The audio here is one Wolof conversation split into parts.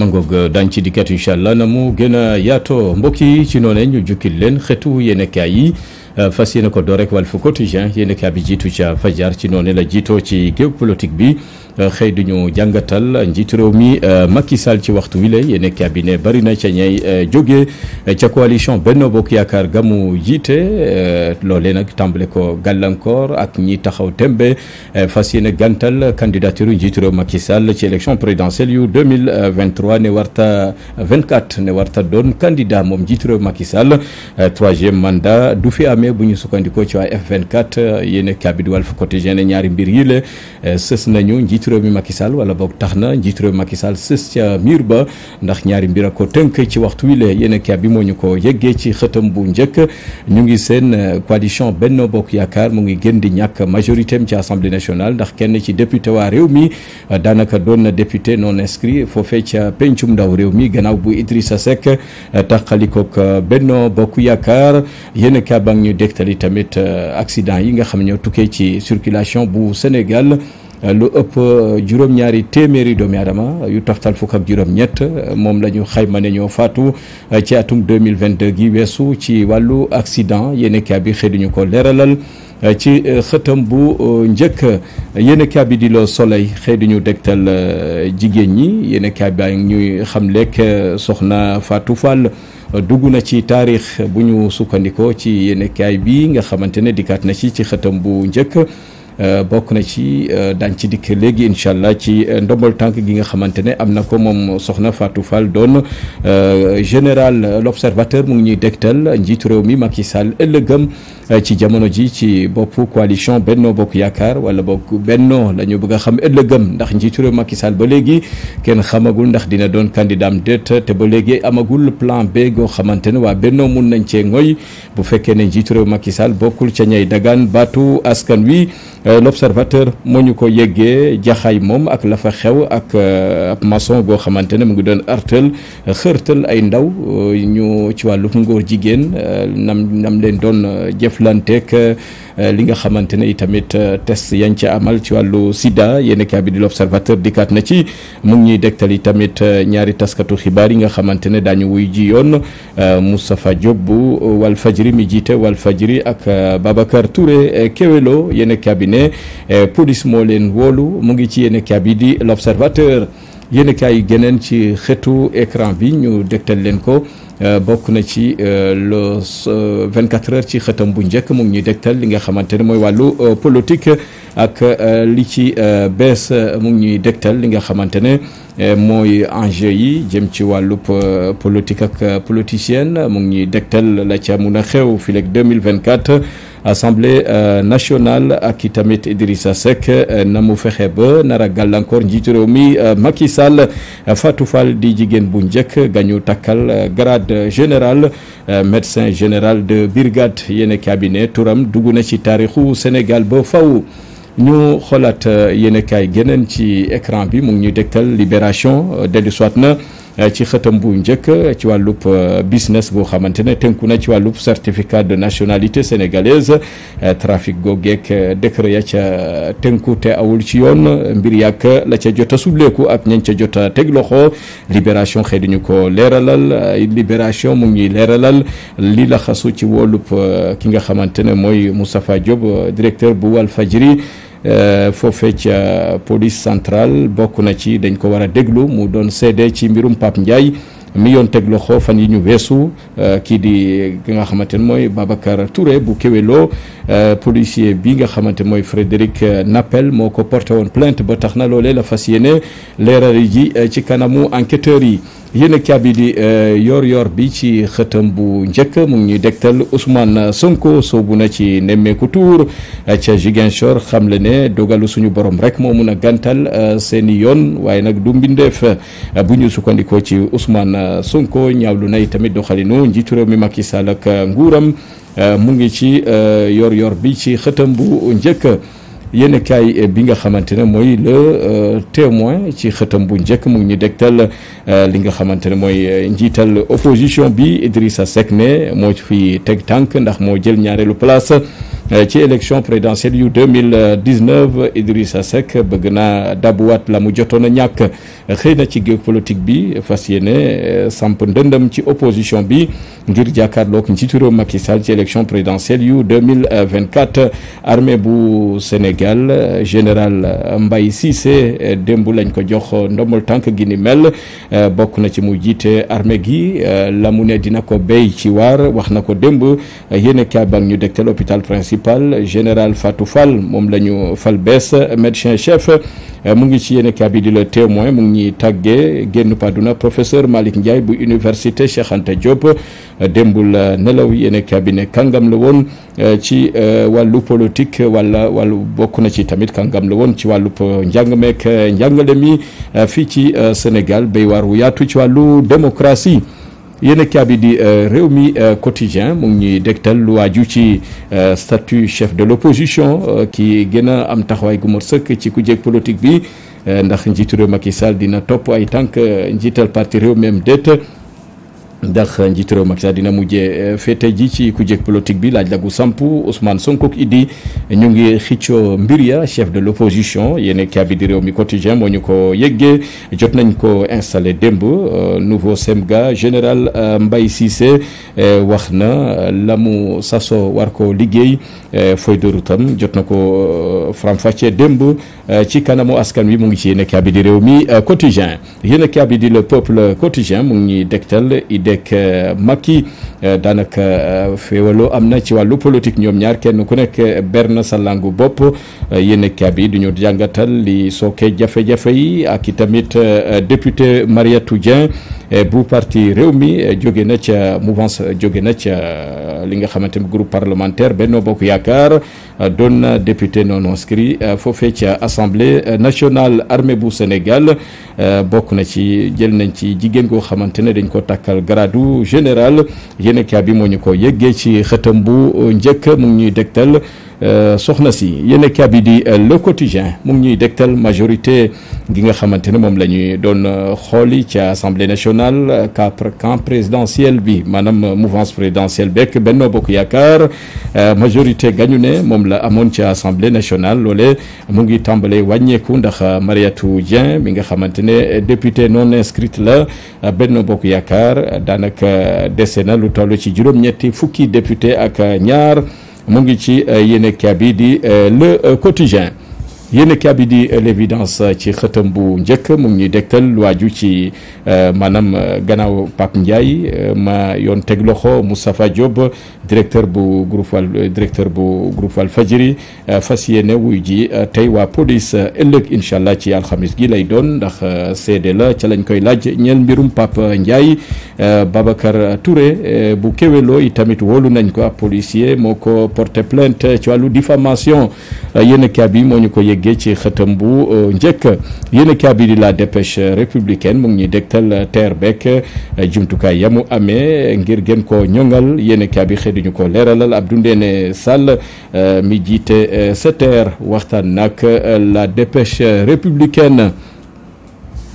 mangoog euh, daañu ci dikkat incha allah na mu gën a yaatoo mbokk yi ci noonu ñu jukkil leen xeetu yéenekaay yi euh, fas yéene ko door rek Walf Quotidien yéenekaay bi jiitu ca fajar ci noonu la jiitoo ci géopolitique bi. Euh, xëy duñu jàngatal njiitu réew mi euh, Macky Sall ci waxtu wi la yéen cabinet bari na ca ñay euh, joge ca coalition Benno Bokk Yaakaar gamu jiite loolee nag tàmbale ko gàllankoor ak ñi taxaw tembe fas yéene gàntal candidature njiitu réew Macky Sall ci élection présidentielle yu 2023 ne warta 24 ne warta doon candidat moom njiitu réew Macky troisième mandat du fi amee bu ñu sukkandikoo ci waa F24 yéen cabinet Walf Quotidien ñaari mbir yi la sës nañu njiitu njiitu réew mi Macky Sall wala boog tax na njiitu réew mi Macky sës ca mur ba ndax ñaari mbir a ko tënk ci waxtu wi la yéen bi moo ñu ko yëggee ci xëtam bu njëkk ñu ngi seen euh, coalition Benno Bokk Yaakaar mu ngi gën di ñàkk majorité am ci assemblée nationale ndax kenn ci député waa réew mi euh, daanaka doon na député non inscrit foofee ca pencum ndaw réew mi gannaaw bu Idrissa Seck euh, taqalikook Benno Bokk Yaakaar yéen a ñu dégtali tamit accident yi nga xam ne ñoo ci circulation bu Sénégal Euh, lu ëpp euh, juróom-ñaari téeméeri doomi aadama euh, yu toftal fukk ak juróom-ñett moom la ñu xayma ne ñoo faatu ci atum 2022 gi weesu ci wàllu accident yéen bi xëy ñu ko leeralal. ci xëtam bu njëkk yéen bi di Le Soleil xëy di ñu dégtal jigéen ñi yéen kaa bi ñuy xam lekk soxna faatu Fall dugg na ci taarix bu ñu sukkandikoo ci yéen kaay bi nga xamante ne dikkaat na ci ci xëtam bu njëkk. Euh, bokk na ci euh, daañ ci dikk léegi incha allah ci euh, ndombal tànk gi nga xamante ne am na ko moom soxna Fatou Fall doon général l'observateur mu ngi ñuy dégtal njiitu réew mi Macky Sall ëllëgëm ci jamono ji ci bopp coalition Benno Bokk Yaakaar wala bokk Benno la ñu bëgg a xam ëllëgëm ndax njiitu réew Macky Sall ba léegi kenn xamagul ndax dina doon candidat am déet te ba léegi amagul plan B goo xamante ne waa Benno mun nañ cee ngoy bu fekkee ne njiitu réew Macky bokkul ca ñay dagaan baatu askan wi. Euh, l'observateur moo ñu ko yeggee jaxaay moom ak la fa xew ak euh, ab maçon boo xamante ne mu ngi doon artal xërtal ay ndaw euh, ñu ci wàllu ngóor jigéen nam nam leen doon jëflanteek Euh, li nga xamante ne itamit euh, test yañ ca amal ci wàllu sida yéen kaay bi di l'observateur dikkaat na ci mu ñuy ñuy dégtal itamit euh, ñaari taskatu xibaar yi nga xamante ne daañu wuy ji yoon Moustapha Diop bu Walfadjri mi jiite wal fajiri ak Babacar Touré Kewelo yéen cabinet police moo leen woolu mu ngi ci yenn kaay bi di l'observateur yéen kaay yi geneen ci xetu écran bi ñu dégtal leen ko Euh, bokk na ci euh, le 24 euh, heures ci xëtam bu njëkk mu ngi ñuy dégtal li nga xamante ne mooy wallu politique ak li ci bees mu ngi ñuy dégtal li nga xamante ne mooy enjeu yi jëm ci wàllub politique ak politicienne mu ngi ñuy dégtal la ca mun na xew fileeg 2024 assemblée euh, nationale ak i tamit Idrissa Seck euh, na mu fexe ba nar a gàllankoor njiitu réew mi euh, Macky Sall Fatou di jigéen bu njëkk gañu takkal grade général médecin général de brigade yéen cabinet turam dugg na ci taarixu Sénégal ba faw ñu xoolaat yéen kaay geneen ci écran bi mu ngi ñuy dekkal Libération dellu soit na Eh, ci xëtam bu njëkk eh, ci wàllub eh, business boo xamante ne tenku na ci wàllub certificat de nationalité sénégalaise trafic googeek décret ya ca tënku te awul ci yoon mbir yàgg la ca jot a subleeku ak ñañ ca jot a teg loxo libération xëy ñu ko leeralal libération mu ngi leeralal li la xasu ci wàllub ki nga xamante ne mooy Moustapha Diop directeur bu Walfadjri Euh, foofee ca police centrale bokk na ci dañ ko war a déglu mu doon seede ci mbirum Pape Ndiaye mi yoon teg loxo fan yi ñu weesu euh, kii di ki nga xamante ne mooy Babacar Touré bu Kewelo euh, policier bi nga xamante mooy Frédéric Nappel moo ko porté woon plante ba tax na loole la fas yéene leeral ji ci kanamu enquêteurs yi. yéen ak caabi di euh, yor-yor bi ci xëtam bu njëkk mu ngi ñuy dégtal Ousmane Sonko soobu na ci nemmeeku tuur ca Ziguinchor xam le ne dogalu suñu borom rek moo mun a gàntal euh, seen i yoon waaye nag du mbindeef bu ñu sukkandikoo ci Ousmane Sonko ñaawlu nay tamit doxalinu njiitu réew mi Macky Sall ak nguuram euh, mu ngi ci yor-yor bi ci xëtam bu njëkk. yéen kaay bi nga xamante ne mooy le euh, témoin ci xëtam bu njëkk mu ngi ñu dégtal euh, li nga xamante ne mooy euh, njiital opposition bi sa Seck ne moo fi teg tànk ndax moo jël ñaareelu place. Euh, ci élection présidentielle yu 2019 Idrissa Seck bëgg na dabuwaat la mu jotoon na ñàkk xëy na ci géopolitique bi fas yéene euh, samp ndëndam ci opposition bi ngir jàkkaarloog njiitu réew Macky Sall ci élection présidentielle yu 2024 armée bu Sénégal général mbay Cissé euh, demb lañ ko jox ndombal tànk gi ni mel bokk na ci mu jiite armée gi la mu ne dina ko béy ci waar wax na ko demb yéen a kaabang ñu dégtal hôpital principal municipal général Fatou Fall moom la ñu fal bees médecin chef mu ngi ci yéen kabi di la témoin mu ngi ñuy tàggee génn paduna professeur Malick Ndiaye bu université Cheikh Anta Diop démbul nelaw yéen kabi ne kàngam la woon euh, ci euh, wàllu politique wala wàllu bokk na ci tamit kàngam la woon ci wàllu euh, njàng meek njàngale mi fii ci Sénégal béy waar wu yaatu ci wàllu démocratie yéenekaay bi di euh, réew mi euh, quotidien mu ngi ñuy dégtal lu waaju ci euh, statut chef de l'opposition ki gën a am taxawaay gu mat sëkk ci ku jéeg politique bi ndax njiitu réew Macky Sall dina topp ay tànk njiital parti réew même déet ndax njiitu réew Macky dina mujjee eh, féete ji ci ku jég bi laaj la gu samp Ousmane Sonko ak Idi ñu ngi xicco mbir ya chef de l' opposition yéen kaabi di réew mi quotidien moo ñu ko yëggee jot nañ ko installé démb euh, nouveau semga général euh, Mbaye Cissé euh, wax na lamu saso war ko liggéey feuille de route am jot na ko faram-fàccee démb Euh, ci kanamu askan wi mu ngi ci yéen a bi di réew mi euh, quotidien yéen a bi di le peuple quotidien mu ngi ñuy dégtal idek euh, Macky daanaka féewaloo am na ci wàllu politique ñoom ñaar kenn ku nekk bern sa langu bopp yéen a bi du jàngatal li sooke jafe-jafe yi ak i tamit député Mariatou Dieng. Eh, bu parti réew mi eh, jóge na ca mouvance eh, jóge na ca li nga xamante ni groupe parlementaire Benno Bokk Yaakaar doon na député non inscrit foofee ca assemblée nationale armée bu Sénégal bokk na ci jël nañ ci jigéen goo xamante ne dañ ko tàkkal gradu général yéen bi moo ñu ko yëggee ci xëtam bu njëkk mu ngi ñuy dégtal. Euh, soxna si yéen kab yi di euh, le quotidien mu ñuy dégtal majorité gi nga xamante ne moom la ñuy doon euh, xooli ci assemblée nationale camp présidentiel bi maanaam mouvance présidentielle beeg Benno Bokk Yaakaar majorité gañu ne moom la amoon ci assemblée nationale loole mu ngi tàmbalee wàññeeku ndax Mariatou Dieng mi nga xamante ne député non inscrite la Benno Bokk Yaakaar daanaka dese na lu toll ci juróom-ñetti fukki député ak ñaar. mu ngi ci euh, yéenekaay bi di euh, le quotidien yéen a bi di euh, l'évidence euh, ci xëtam bu njëkk mu ngi ñuy lu waaju ci euh, maanaam gannaaw Pape Ndiaye ma yoon teg loxo Moustapha Diop directeur bu groupe Walf directeur bu groupe Walfadjri fas yéene wuy ji tey waa police ëllëg incha allah ci alxamis gi lay doon ndax seede la ca lañ koy laaj ñeen mbirum Pape Ndiaye Babacar Touré bu kéweloo yi tamit woolu nañ ko ab policier moo ko porté plainte ci wàllu diffamation yéen a bi moo ñu ko déggee ci xëtam bu euh, njëkk yéen a di la dépêche républicaine mu ngi ñuy dégtal teer beek euh, jumtukaay mu amee ngir gën ko ñoŋal yéen a bi xëy ñu ko leeralal Abdou Ndéné Sall euh, mi jiite SETER waxtaan nag la dépêche républicaine.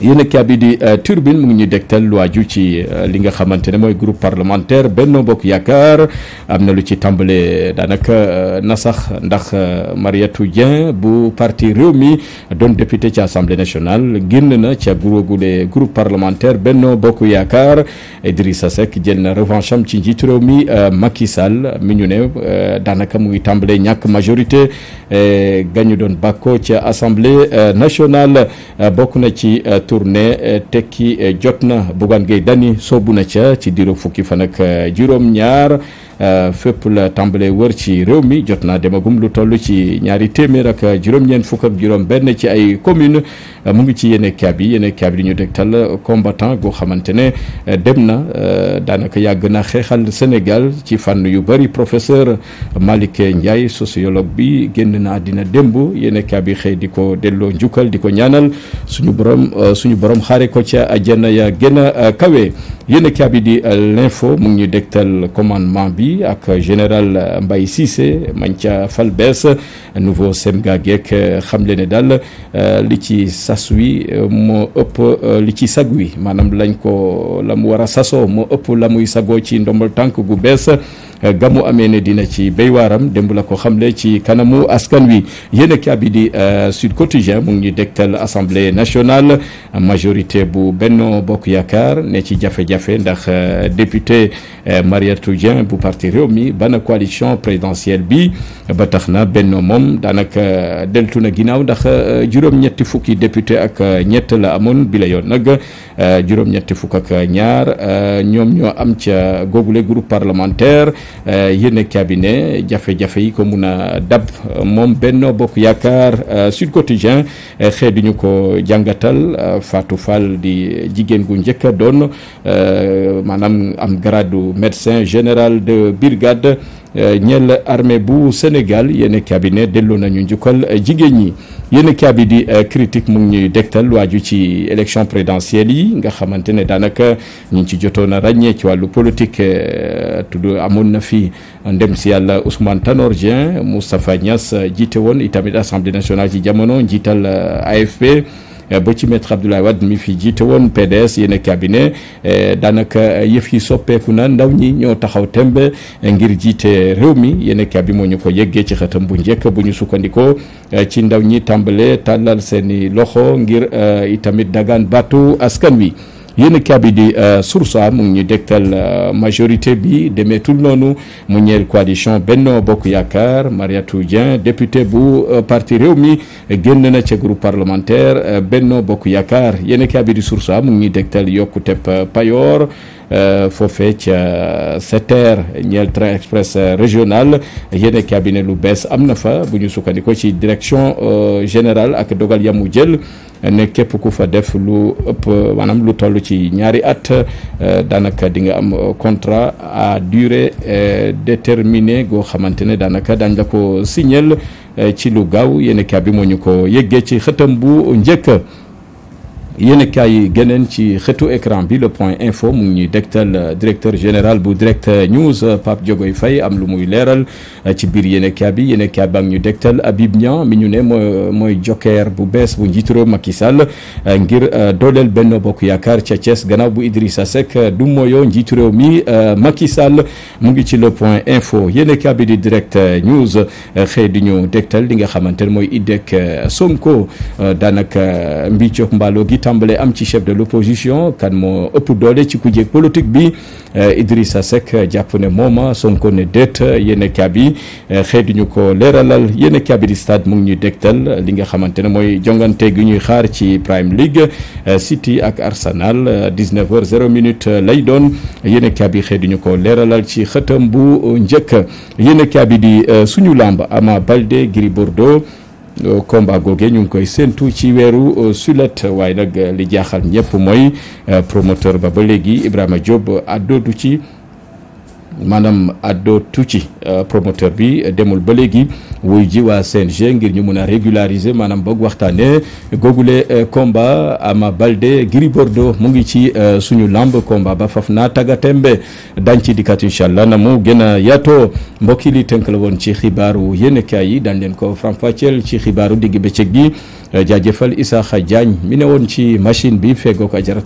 yéen a bi di euh, turbine mu ngi ñuy dégtal lu aju ci euh, li nga xamante ne mooy groupe parlementaire Benno Bokk Yaakaar am na lu ci tàmbale daanaka euh, na sax ndax Mariétou Dieng bu parti réew mi doon député ci assemblée nationale génn na ca gurogule groupe parlementaire Benno Bokk Yaakaar a Seck jël na revanche am ci njiitu réew mi Macky Sall mi ñu ne daanaka mu ngi tàmbale ñàkk majorité gañu doon bàkko ca assemblée nationale bokk na ci tournée eh, tekki eh, jot na Bougane Gueye Dany sobu na ca ci diiru fukki fan ak eh, juróom-ñaar. Euh, fépp la tàmbalee wër ci réew mi jot naa demagum lu toll ci ñaari téeméer ak juróom-ñeent fukk ak juróom-benn ci ay commune euh, mu ngi ci yeneen kaab yi yeneen kaab yi ñu dégtal combattant goo xamante ne euh, dem na daanaka yàgg na xeexal Sénégal ci fànn yu bëri professeur Malick Ndiaye sociologue bi génn na àddina démb yeneen kaab yi xëy di ko delloo njukkal di ko ñaanal suñu borom suñu borom xaare ko ca àjjana ya gën a kawe yeneen yi di l'info mu ngi ñu dégtal commandement bi. ak général mbay Cissé mañ ca fal bees nouveau semga geek xam le ne daal euh, li ci sas wi euh, moo ëpp euh, li ci sag wi maanaam lañ ko la mu war a sasoo moo ëpp la muy sagoo ci ndombal tànk gu bees Eh, mu amee ne dina ci béy waaram démb la ko xamle ci kanamu askan wi yéen a kii di eh, Sud Quotidien mu ngi dégtal assemblée nationale majorité bu Benno Bokk Yaakaar ne ci jafe-jafe ndax eh, député Mariatou Dieng bu parti réew mi bana coalition présidentielle bi ba tax na Benno moom daanaka deltu na ginnaaw ndax juróom-ñetti fukki député ak ñett amoon bi yoon nag juróom-ñetti fukk ak ñaar ñoom ñoo am ca googule groupe parlementaire Euh, yéen cabinet jafe-jafe yi ko mun a dab moom Benno Bokk Yaakaar euh, Sud Quotidien euh, xëy duñu ko jàngatal faatu Fall di jigéen gu njëkk a doon maanaam am grade médecin général de brigade Eh, ñeel armée bu Sénégal yéen cabinet delloo nañu njukkal eh, jigéen ñi yéen cabinet di eh, critique mu ngi ñuy dégtal waaju ci élection présidentielle yi nga xamante ne daanaka ñu ngi ci jotoon a ràññee ci wàllu politique tudd amoon na fi ndem si yàlla Ousmane Tanor Dieng Moustapha jiite woon itamit assemblée nationale ci jamono njiital AFP. Eh, ba ci maître Abdoulaye Wade mi fi jiite woon PDS yéen a cabinet eh, daanaka eh, yëf yi soppeeku na ndaw ñi ñoo taxaw tembe ngir jiite réew mi yéen a moo ñu ko yeggee ci xëtam bu njëkk bu ñu sukkandikoo ci ndaw ñi tàmbale tàllal seeni loxo ngir itamit dagaan baatu askan wi. yéen a bi di euh, Source A mu ngi ñuy euh, majorité bi demeetul noonu mu ñeel coalition Benno Bokk Yaakaar Mariatou Dieng député bu euh, parti réew mi génn na ca groupe parlementaire Benno Bokk Yaakaar yéen a bi di Source A mu ngi ñuy dégtal yokkuteb Payor. Euh, foofee ca SETER ñeel train express euh, régional yéen cabinet lu bees am na fa bu ñu sukkandikoo ci direction euh, général ak dogal yamu jël ne képp ku fa def lu ëpp maanaam lu toll ci ñaari at daanaka di nga am contrat à durée déterminée goo xamante ne daanaka daañ la ko signal ci lu gaaw yéen bi moo ñu ko yëggee ci xëtam bu njëkk. yéen yi geneen ci xëtu écran bi le point info mu ngi ñuy dégtal euh, directeur général bu direct news jogo euh, Diogoy fay am lu muy leeral euh, ci biir yéen bi yéen kaay ba ñu dégtal Habib Niang mi ñu ne mooy mooy jokkeer bu bees bu njiitu réew Macky Sall ngir dooleel Benno Bokk Yaakaar ca Thiès gannaaw bu Idrissa Seck du moyo njiitu réew mi Macky Sall mu ngi ci le point info yéen bi di direct news xëy di ñu dégtal li nga xamante ne mooy IDEC Sonko daanaka mbicok mbaalo gi tàmbalee am ci chef de l'opposition kan moo ëpp doole ci kujjeeg politique bi eh, Idrissa Seck eh, jàpp ne mooma Sonko ne déet eh, yéen kaabi xeetu ñu ko leeralal yenn kaabi di stade ñuy dégtal li nga xamante ne mooy jongante gi ñuy xaar ci Prime League City ak Arsenal 19 heures 0 minute lay doon yenn kaabi xeetu ñu ko leeralal ci xëtam bu njëkk yéen kaabi di suñu lamb Ama Baldé Gris Bordeaux combat googee ñu ngi koy séentu ci weeru euh, sulet waaye nag li jaaxal ñëpp mooy euh, promoteur ba ba léegi Ibrahima euh, a àddoodu ci. maanaam Addo Tucci euh, promoteur bi demul ba léegi wuy ji waa CNG ngir ñu mun a régularisé maanaam boog waxtaanee googule euh, combat Ama Baldé Gris Bordeaux mu ngi ci euh, suñu lamb komba ba faf naa tagatembe dañ ci dikkat incha allah na mu gën a yaatoo mbokk yi li tënk la woon ci xibaaru yéenekaay yi daan leen ko faram-fàcceel ci xibaaru digg bëccëg gi jaajëfal Isaaxa Diagne mu ne woon ci machine bi feggoo ko ajarat